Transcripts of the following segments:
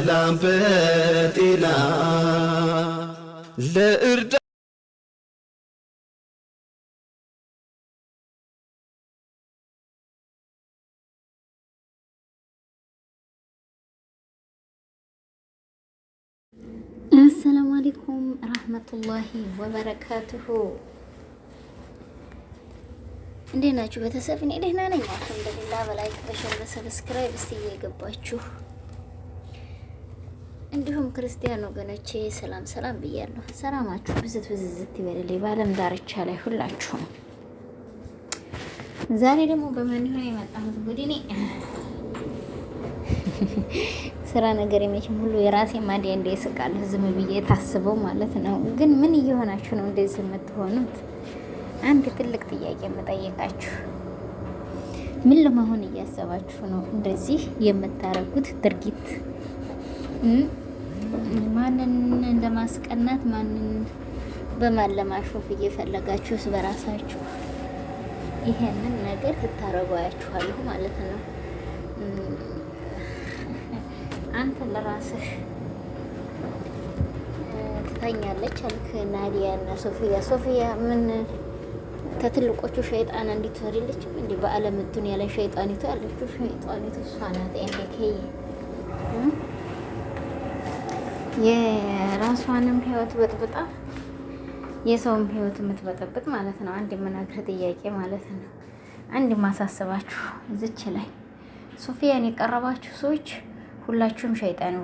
በሰላም በጤና ለእርዳ አሰላሙ አሌይኩም ረህመቱላሂ ወበረካቱሁ። እንዴት ናችሁ ቤተሰብ? እኔ ደህና ነኝ አልሐምዱሊላህ። በላይክ በሸር በሰብስክራይብ እስቲ እየገባችሁ እንዲሁም ክርስቲያን ወገኖቼ ሰላም ሰላም ብያለሁ። ሰላማችሁ ብዝት ብዝዝት ይበልልኝ በዓለም ዳርቻ ላይ ሁላችሁም። ዛሬ ደግሞ በማን የመጣሁት? ቡድኔ ስራ ነገር የመችም ሁሉ የራሴ ማዲያ እንደ ይስቃለሁ ዝም ብዬ ታስበው ማለት ነው። ግን ምን እየሆናችሁ ነው እንደዚህ የምትሆኑት? አንድ ትልቅ ጥያቄ የምጠይቃችሁ ምን ለመሆን እያሰባችሁ ነው እንደዚህ የምታረጉት ድርጊት? ማንን ለማስቀናት ማንን በማን ለማሾፍ እየፈለጋችሁስ በራሳችሁ ይሄንን ነገር ትታረጓያችኋለሁ ማለት ነው። አንተ ለራስህ ትተኛለች አልክ ናዲያ እና ሶፊያ። ሶፊያ ምን ከትልቆቹ ሸይጣን እንዲትሆንልች እንዲ በአለምቱን ያለ ሸይጣኒቱ ያለችው ሸይጣኒቱ እሷ ናት። የራሷንም ህይወት በጥብጣ የሰውም ህይወት የምትበጠብጥ ማለት ነው። አንድ የምናገር ጥያቄ ማለት ነው። አንድ የማሳስባችሁ ዝች ላይ ሶፊያን የቀረባችሁ ሰዎች ሁላችሁም ሸይጣን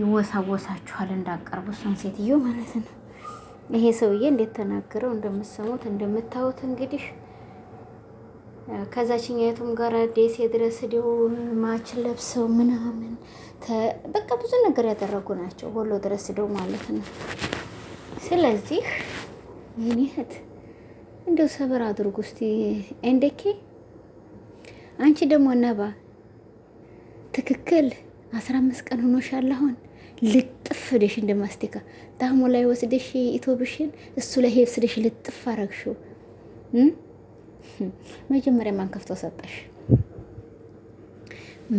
ይወሳወሳችኋል። እንዳቀርቡ እሷን ሴትዮ ማለት ነው። ይሄ ሰውዬ እንዴት ተናገረው እንደምትሰሙት እንደምታዩት እንግዲህ ከዛችኛቱም ጋር ደሴ ድረስ ዲው ማችን ለብሰው ምናምን በቃ ብዙ ነገር ያደረጉ ናቸው ወሎ ድረስ ሄደው ማለት ነው። ስለዚህ የኔ እህት እንደው ሰበር አድርጉ እስቲ እንደኬ አንቺ ደግሞ ነባ ትክክል አስራ አምስት ቀን ሆኖሻል አሁን ልጥፍ ደሽ እንደማስቲካ ጣሙ ላይ ወስደሽ ኢትዮብሽን እሱ ላይ ሄድ ስደሽ ልጥፍ አረግሽው መጀመሪያ ማን ከፍቶ ሰጠሽ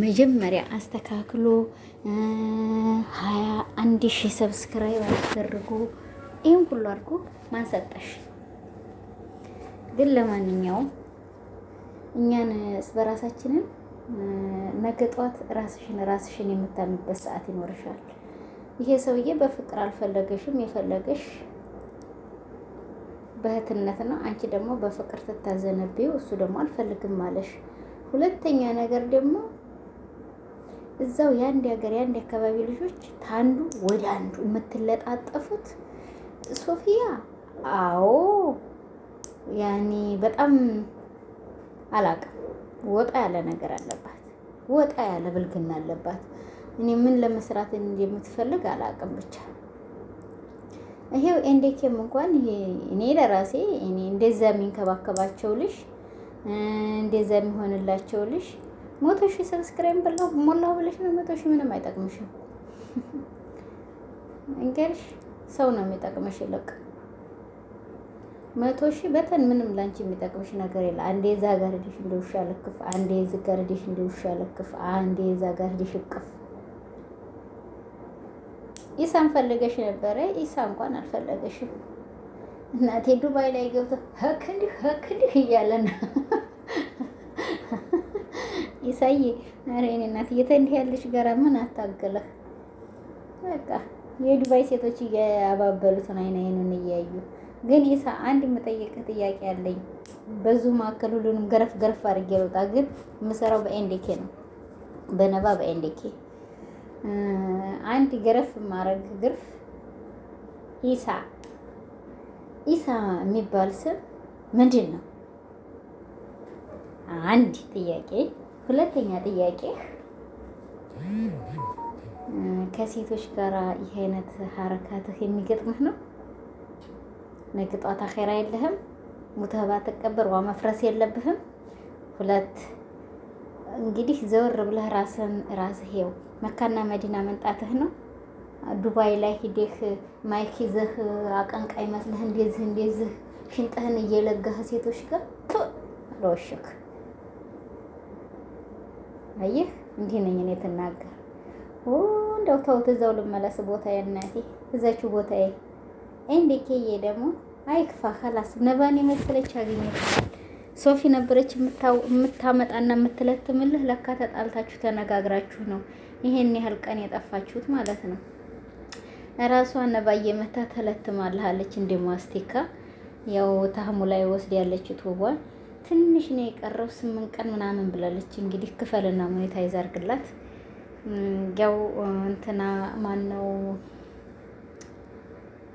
መጀመሪያ አስተካክሎ ሀያ አንድ ሺህ ሰብስክራይብ አስደርጎ ይህም ሁሉ አድርጎ ማንሰጠሽ ግን ለማንኛውም እኛን በራሳችንን ነገ ጠዋት ራስሽን ራስሽን የምታምበት ሰዓት ይኖርሻል። ይሄ ሰውዬ በፍቅር አልፈለገሽም። የፈለገሽ በእህትነት ነው። አንቺ ደግሞ በፍቅር ትታዘነብዩ፣ እሱ ደግሞ አልፈልግም አለሽ። ሁለተኛ ነገር ደግሞ እዛው የአንድ ሀገር የአንድ አካባቢ ልጆች ታንዱ ወደ አንዱ የምትለጣጠፉት ሶፊያ። አዎ ያኔ በጣም አላቅም። ወጣ ያለ ነገር አለባት፣ ወጣ ያለ ብልግና አለባት። እኔ ምን ለመስራት እንደምትፈልግ አላቅም ብቻ ይሄው ኤንዴኬም እንኳን እኔ ለራሴ እኔ እንደዛ የሚንከባከባቸው ልሽ እንደዛ የሚሆንላቸው ልሽ መቶ ሺህ ሰብስክራይብ በላው ሞላው ብለሽ ነው። መቶ ሺህ ምንም አይጠቅምሽም። እንግዲህ ሰው ነው የሚጠቅምሽ። ይልቅ መቶ ሺህ በተን ምንም ላንቺ የሚጠቅምሽ ነገር የለ። አንዴ እዛ ጋር ሄደሽ እንደ ውሻ አንዴ እዚህ ጋር ሄደሽ እንደ ውሻ አንዴ እዛ ጋር ሄደሽ እቅፍ። ፈልገሽ ነበረ፣ ኢሳ እንኳን አልፈለገሽም። እናቴ ዱባይ ላይ ገብቶ ሀክ እንዲህ ሀክ እንዲህ እያለ ነው ይሳይ ኧረ የእኔ እናት እየተንዲህ ያለሽ ጋራ ምን አታገለህ? በቃ የዱባይ ሴቶች እያባበሉትን አይን አይኑን እያዩ ግን ይሳ አንድ የምጠይቅህ ጥያቄ አለኝ። በዙ መካከል ሁሉንም ገረፍ ገረፍ አድርጌ ልውጣ፣ ግን የምሰራው በኤንዴኬ ነው፣ በነባ በኤንዴኬ አንድ ገረፍ ማረግ ግርፍ ኢሳ ኢሳ የሚባል ስም ምንድን ነው? አንድ ጥያቄ ሁለተኛ ጥያቄ ከሴቶች ጋራ ይህ አይነት ሀረካትህ የሚገጥምህ ነው። ነገ ጧት አኼራ የለህም፣ ሙተባ ተቀበር ዋ መፍረስ የለብህም። ሁለት እንግዲህ ዘወር ብለህ ራስን ራስህ ይኸው መካና መዲና መንጣትህ ነው። ዱባይ ላይ ሂደህ ማይክ ይዘህ አቀንቃይ መስለህ እንደዚህ እንደዚህ ሽንጥህን እየለጋህ ሴቶች ጋር ሎሽክ አየህ እንዲህ ነኝ እኔ ትናገር እንደው ተውት፣ እዛው ልመለስ ቦታዬ፣ እናቴ እዛችሁ ቦታዬ። እንዴኬዬ ደግሞ አይክፋ ከላስ ነባን የመሰለች አገኘችል። ሶፊ ነበረች የምታመጣና የምትለትምልህ። ለካ ተጣልታችሁ ተነጋግራችሁ ነው ይሄን ያህል ቀን የጠፋችሁት ማለት ነው። ራሷ ነባ እየመታ ተለትማልሃለች እንደማስቲካ ያው ታህሙ ላይ ወስድ ያለችት ውቧል ትንሽ ነው የቀረው፣ ስምንት ቀን ምናምን ብላለች። እንግዲህ ክፈልና ሁኔታ ይዛርግላት። ያው እንትና ማን ነው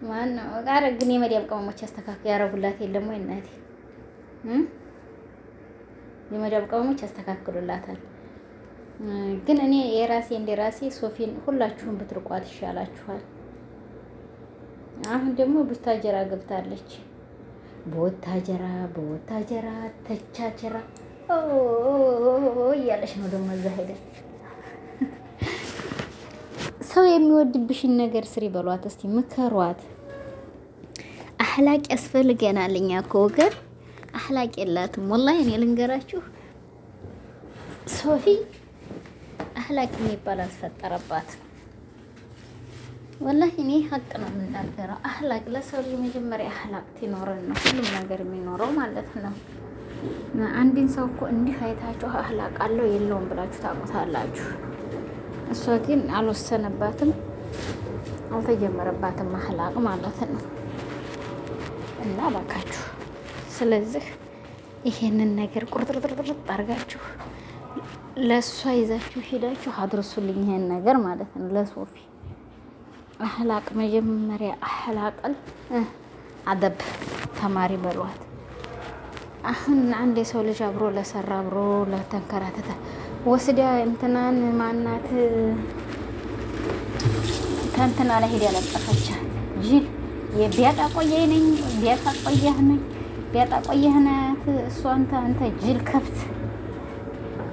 ማን ነው ጋር ግን የመዲያም ቅመሞች ያስተካክ ያረጉላት የለም ወይ እናቴ? የመዲያም ቅመሞች ያስተካክሉላታል። ግን እኔ የራሴ እንደ ራሴ ሶፊን ሁላችሁም ብትርቋት ይሻላችኋል። አሁን ደግሞ ቡታጀራ ገብታለች። በወታጀራ በወታጀራ ተቻቸራ እያለሽ ነው ደግሞ እዛ ሄደ። ሰው የሚወድብሽን ነገር ስሪ በሏት፣ እስቲ ምከሯት። አህላቅ ያስፈልገናል እኛ እኮ ወገን አህላቅ የላትም። ወላሂ እኔ ልንገራችሁ ሶፊ አህላቅ የሚባል አልፈጠረባት። ወላሂ እኔ ሀቅ ነው የምናገረው። አህላቅ ለሰው ልጅ መጀመሪያ አህላቅ ሲኖረን ነው ሁሉም ነገር የሚኖረው ማለት ነው። አንድን ሰው እኮ እንዲህ አይታችሁ አህላቅ አለው የለውም ብላችሁ ታቁታላችሁ። እሷ ግን አልወሰነባትም፣ አልተጀመረባትም አህላቅ ማለት ነው። እና ባካችሁ፣ ስለዚህ ይሄንን ነገር ቁርጥርጥርጥርጥ አድርጋችሁ ለእሷ ይዛችሁ ሄዳችሁ አድርሱልኝ፣ ይሄን ነገር ማለት ነው ለሶፊ አህላቅ መጀመሪያ አህላቅል አደብ ተማሪ በሏት። አሁን አንድ የሰው ልጅ አብሮ ለሰራ አብሮ ለተንከራተተ ወስዳ እንትናን ማናት ከእንትና ላይ ሄዳ ለጠፈቻ ጂን የቢያጣ ቆየህ ነኝ ቢያጣ ቆየህ ነኝ ቢያጣ ቆየህ ናት። እሷ አንተ አንተ ጅል ከብት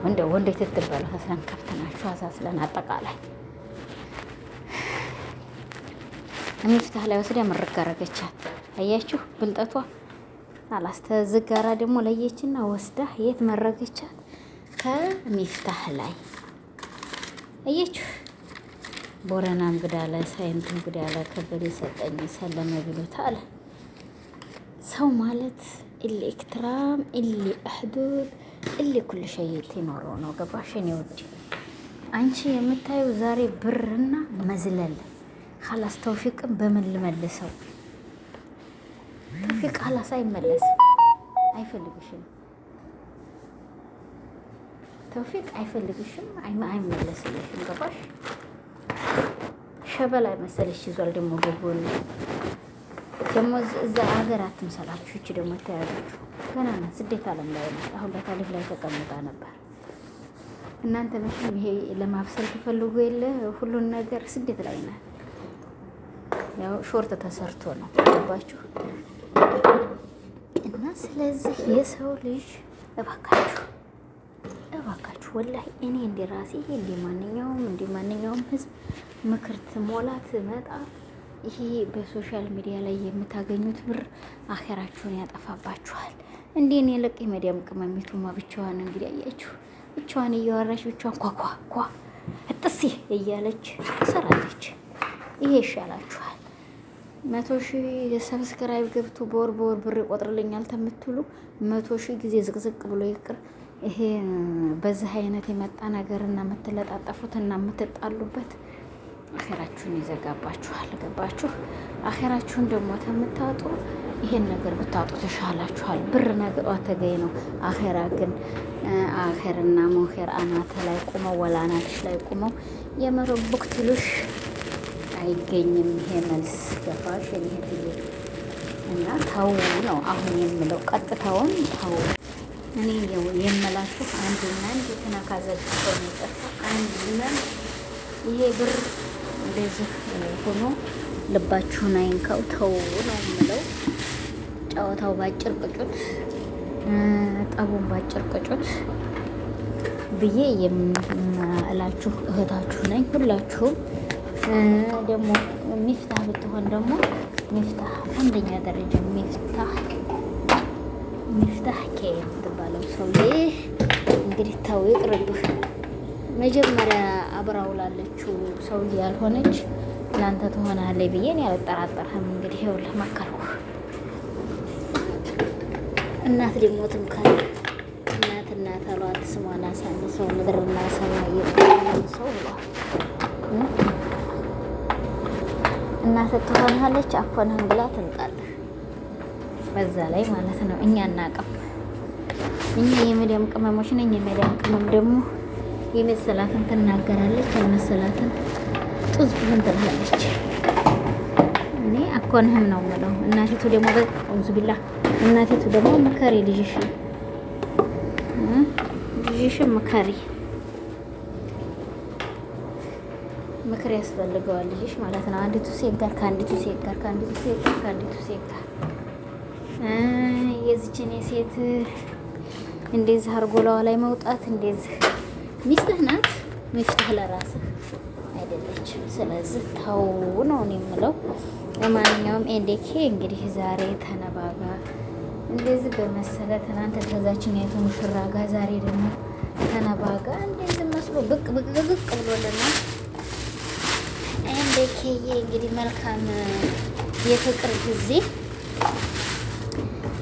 ወንደ ወንደ ትትባለ ከብት ናችሁ አሳስለን አጠቃላይ ሚፍታህ ላይ ወስዳ ምርግ አረገቻት። አያችሁ ብልጠቷ አላስተዝጋራ ደግሞ ለየችና ወስዳ የት መረገቻት? ከሚፍታህ ላይ አያችሁ። ቦረናም ሳይንቱ እንግዳ ግዳለ ከበደ ሰጠኝ ሰለመ ብሎታል። ሰው ማለት ኢሊ ኢክትራም ኢሊ አህዱድ ኢሊ ኩል ሸይት ይኖረው ነው። ገባሽን? ይወድ አንቺ የምታየው ዛሬ ብርና መዝለል ሀላስ ተውፊቅን በምን ልመልሰው? ተውፊቅ ሀላስ አይመለስም፣ አይፈልግሽም። ተውፊቅ አይፈልግሽም፣ አይመለስልሽም። ገባሽ? ሸበላ መሰለሽ ይዟል። ደግሞ በጎን ደግሞ እዛ ሀገር አትምሰላችሁ። እቺ ደግሞ ተያያችሁ ገና ና ስደት አለም ላይ ነው። አሁን በታሪፍ ላይ ተቀምጣ ነበር። እናንተ መቼም ይሄ ለማብሰል ትፈልጉ የለ ሁሉን ነገር ስደት ላይ ናት። ያው ሾርት ተሰርቶ ነው ገባችሁ። እና ስለዚህ የሰው ልጅ እባካችሁ እባካችሁ ወላሂ እኔ እንደ ራሴ እንደ ማንኛውም እንደ ማንኛውም ህዝብ ምክር ትሞላ ትመጣ ይሄ በሶሻል ሚዲያ ላይ የምታገኙት ብር አኸራችሁን ያጠፋባችኋል። እንዴ እኔ ለቅ የመዲያም ቅመሚቱማ ብቻዋን እንግዲህ አያችሁ፣ ብቻዋን እያወራች ብቻዋን ኳኳኳ እጥሴ እያለች ትሰራለች። ይሄ ይሻላችኋል። መቶ ሺህ ሰብስክራይብ ገብቶ በወር በወር ብር ይቆጥርልኛል ተምትሉ መቶ ሺህ ጊዜ ዝቅዝቅ ብሎ ይቅር። ይሄ በዚህ አይነት የመጣ ነገር እና የምትለጣጠፉት እና የምትጣሉበት አኼራችሁን ይዘጋባችኋል። ገባችሁ? አኼራችሁን ደግሞ ተምታጡ ይሄን ነገር ብታጡ ተሻላችኋል። ብር ነገሯ ተገኝ ነው። አኼራ ግን አኼርና ሞኼር አናተ ላይ ቁመው ወላ አናትሽ ላይ ቁመው የመረቡክ ትሉሽ አይገኝም ይሄ መልስ ገባሽ እህትዬ። እና ተው ነው አሁን የምለው፣ ቀጥታውን ተው። እኔ የምላችሁ አንድና አንድ የተናካዘችው አንድ አንድና ይሄ ብር እንደዚህ ሆኖ ልባችሁን አይንካው፣ ተው ነው የምለው። ጨዋታው ባጭር ቅጩት፣ ጠቡን ባጭር ቅጩት ብዬ የምላችሁ እህታችሁ ነኝ ሁላችሁም ደግሞ ሚፍታህ ብትሆን ደግሞ ሚፍታህ አንደኛ ደረጃ ሚፍታህ ሚፍታህ ኬ የምትባለው ሰውዬ እንግዲህ ተው ይቅርብህ። መጀመሪያ አብራውላለችው ሰውዬ ያልሆነች ለአንተ ትሆናለች ብዬን ያልጠራጠርህም እንግዲህ ይኸውልህ መከርኩህ። እናት ሊሞትም ካለ እናት እናት አሏት ስሟን አሳንሰው ምድርና ሰማይ ሰው ብሏል። እናትህ ትሆንሃለች አኮንህን ብላ ትንጣለህ። በዛ ላይ ማለት ነው እኛ እናቅም እኛ የመዲያም ቅመሞች ነኝ። የመዲያም ቅመም ደግሞ የመሰላትን ትናገራለች፣ የመሰላትን ጡዝ ጡዝብህን ትልሃለች። እኔ አኮንህም ነው ምለው። እናቴቱ ደግሞ በዙ ቢላ እናቴቱ ደግሞ ምከሪ ልጅሽ ልጅሽ ምከሪ ምክር ያስፈልገዋል ልጅሽ ማለት ነው። አንዲቱ ሴት ጋር ከአንዲቱ ሴት ጋር ከአንዲቱ ሴት ጋር ከአንዲቱ ሴት ጋር የዚችን የሴት እንደዚህ አርጎላዋ ላይ መውጣት እንደዚህ ሚስትህ ናት። ሚስትህ ለራስህ አይደለች። ስለዚህ ተው ነው እኔ የምለው። ለማንኛውም ኤንዴኬ እንግዲህ ዛሬ ተነባባ እንደዚህ በመሰለ ትናንት ተዛችን ያይቶ ሙሽራ ጋ ዛሬ ደግሞ ተነባጋ እንደዚህ መስሎ ብቅ ብቅ ብቅ ብሎልና እትዬ እንግዲህ መልካም የፍቅር ጊዜ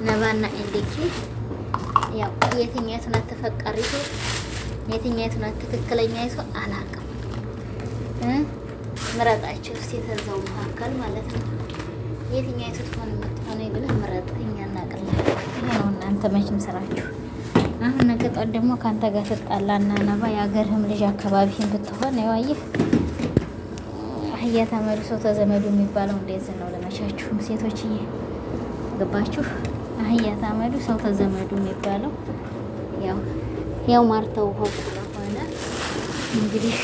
ነባና እንዴኪ ያው የትኛይቱ ናት ተፈቃሪቱ የትኛይቱ ናት ትክክለኛ ይቱ አላውቅም ምረጣቸው እስኪ የተዛው መካከል ማለት ነው። የትኛይቱ ትሆን የምትሆነ ብለህ ምረጥ። እኛ እናቅላለን። ነው እናንተ መቼም ስራችሁ። አሁን ነገ ደግሞ ከአንተ ጋር ትጣላና ነባ የአገርህም ልጅ አካባቢህን ብትሆን ያው እየተመልሶ ተዘመዱ የሚባለው እንደዚህ ነው። ለመሻችሁም ሴቶችዬ ገባችሁ? አህያ ታመዱ ሰው ተዘመዱ የሚባለው ያው ያው ማርተው ሆኖ ስለሆነ እንግዲህ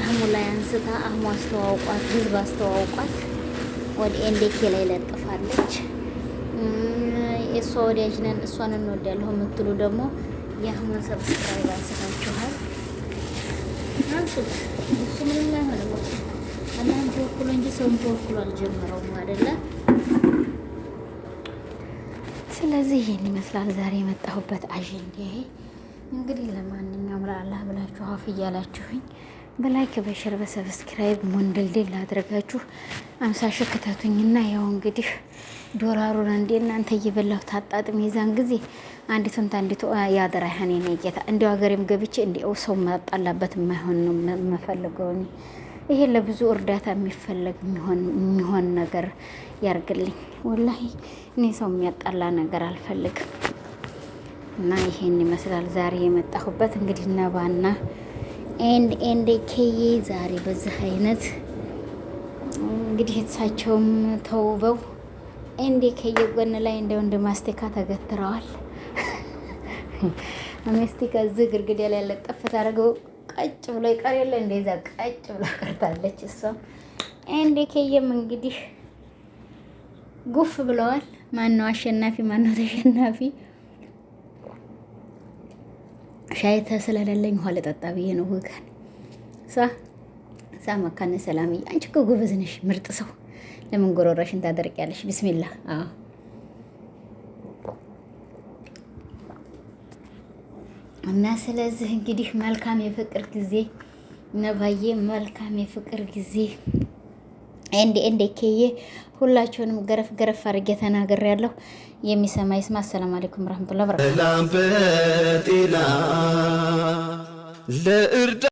አህሙ ላይ አንስታ አህሙ አስተዋውቋት፣ ህዝብ አስተዋውቋት ወደ ኤንዴኬ ላይ ለጥፋለች። እሷ ወዳጅ ነን እሷን እንወዳለሁ የምትሉ ደግሞ የአህሙን ሰብስክራይብ አንስታ አልኩት። ምንም አይሆንም አላህን ተወክሎ እንጂ ሰውን ተወክሎ አልጀመረውም አይደለ? ስለዚህ ይህን ይመስላል ዛሬ የመጣሁበት አጀንዳ። እንግዲህ ለማንኛውም ለአላህ ብላችሁ አፍ እያላችሁኝ በላይክ በሽር በሰብስክራይብ ሞንድልድል ላድረጋችሁ አምሳ ሺህ ክተቱኝና ያው እንግዲህ ዶላሩን እንዴ እናንተ እየበላሁ ታጣጥም የዛን ጊዜ አንዲቱን ታንዲቱ ያደራ ሀኔ ነው ጌታ እንዲያው ሀገሬም ገብቼ እንዲያው ሰው መጣላበት የማይሆን ነው የምፈልገው። ይሄ ለብዙ እርዳታ የሚፈለግ የሚሆን ነገር ያርግልኝ። ወላሂ እኔ ሰው የሚያጣላ ነገር አልፈልግም። እና ይሄን ይመስላል ዛሬ የመጣሁበት እንግዲህ ነባና ኤንድ ኤንድ ኬዬ ዛሬ በዚህ አይነት እንግዲህ እሳቸውም ተውበው ኤንድ ኬዬ ጎን ላይ እንደ ወንድ ማስቴካ ተገትረዋል። ሚስቲ ከዚህ ግድግዳ ላይ ለጠፍ ታደርገው ቀጭ ብሎ ይቀር የለ እንደዛ ቀጭ ብሎ ቀርታለች። እሷ እንዴ ከየም እንግዲህ ጉፍ ብለዋል። ማነው አሸናፊ? ማነው ተሸናፊ? ሻይ ስለሌለኝ ውሃ ልጠጣ ብዬ ነው ወገን። ሳ ሳ መካነ ሰላምዬ፣ አንቺ እኮ ጎበዝ ነሽ፣ ምርጥ ሰው። ለምን ጎረራሽን ታደርቂያለሽ? ቢስሚላህ አዎ እና ስለዚህ እንግዲህ መልካም የፍቅር ጊዜ ነባዬ፣ መልካም የፍቅር ጊዜ እንዴ እንዴ ኬዬ፣ ሁላችሁንም ገረፍ ገረፍ አድርጌ ተናገር ያለሁ የሚሰማ ይስማ። አሰላም አለይኩም ረህመቱላህ በረካቱ